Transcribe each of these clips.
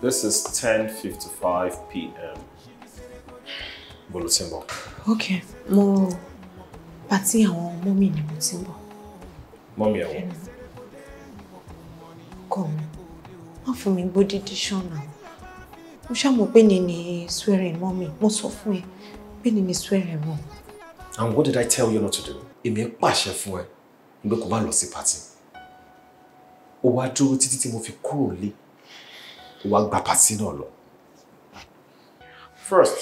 This is 10.55 p.m. Bulletin board. Okay, mo Pati àwọn mommy ni mo ti ń bọ̀. Mọ́mì àwọn? Kọ̀ mi, má fún mi gbó dídí ṣọ́nà. Mo ṣàmọ̀ pé ni swearing mommy, mo sọ fún ẹ pé ní ni swearing mọ́. And what did I tell you not to do? Èmi pàṣẹ fún ẹ, ìgbé kò bá lọ sí pàtí. Ó wá dúró títí tí mo fi kúrò lé kó wá gba pàtí náà lọ. first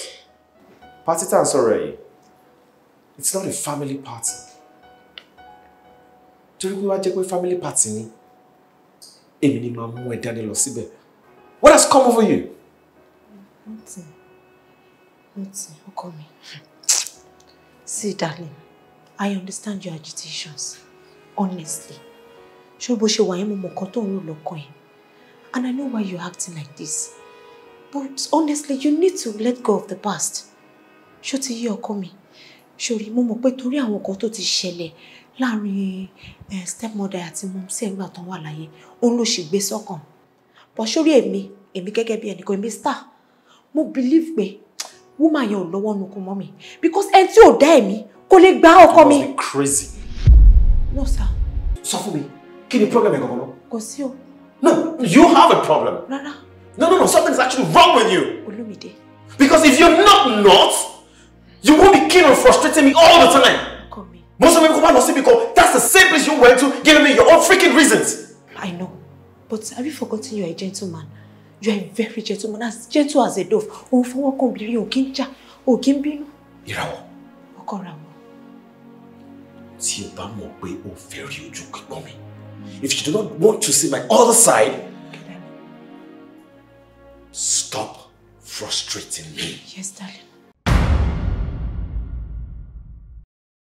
pàtí tá à sọ̀rọ̀ yìí it's not a family party torí pé wá jẹ́ pé family party ni èmi ni máa mú ẹ dání lọ síbẹ̀ what has come over you. Nothing. Nothing. Ọkọ mi. See, darling, I understand your agitations. Honestly. Ṣé bó ṣe wà yín mo mọ̀ kan tó ń rò lọ́kàn yín. And I know why you're acting like this. But honestly, you need to let go of the past. Ṣó ti yé ọkọ mi? Ṣòrí mo mọ̀ pé torí àwọn nǹkan tó ti ṣẹlẹ̀ láàrin eh, stepmother àti mumsy ẹ̀gbà tán wà láyé, òun ló ṣì gbé sọ́kàn. Bọ̀ ṣórí èmi, èmi gẹ́gẹ́ bí ẹnìkan, èmi star, mo believe pé woman yẹn ò lọ́wọ́ nukun mọ́ because ẹni tí ò dá èmi kò lè gba ọkọ mi. crazy. No sir. Sọ fún mi, kí problem ẹ̀ gbọ̀ngàn lọ? Kò o. No, you have a problem. No, no. No, no, no. Something's actually wrong with you. Olumide. Because if you're not not, you won't be keen on frustrating me all the time. Most of people want to because that's the same place you went to, giving me your own freaking reasons. I know. But have you forgotten you're a gentleman? You are a very gentleman, as gentle as a dove. Òun fọwọ́ kan obìnrin, ò kí ń jà, ò kí ń bínú. Ìràwọ̀. Ọkọ ra wọn. Tí o bá mọ̀ pé o fẹ́ rí ojú pípọ́n mi if you do not want to see my other side, stop frustrating me. Yes, darling.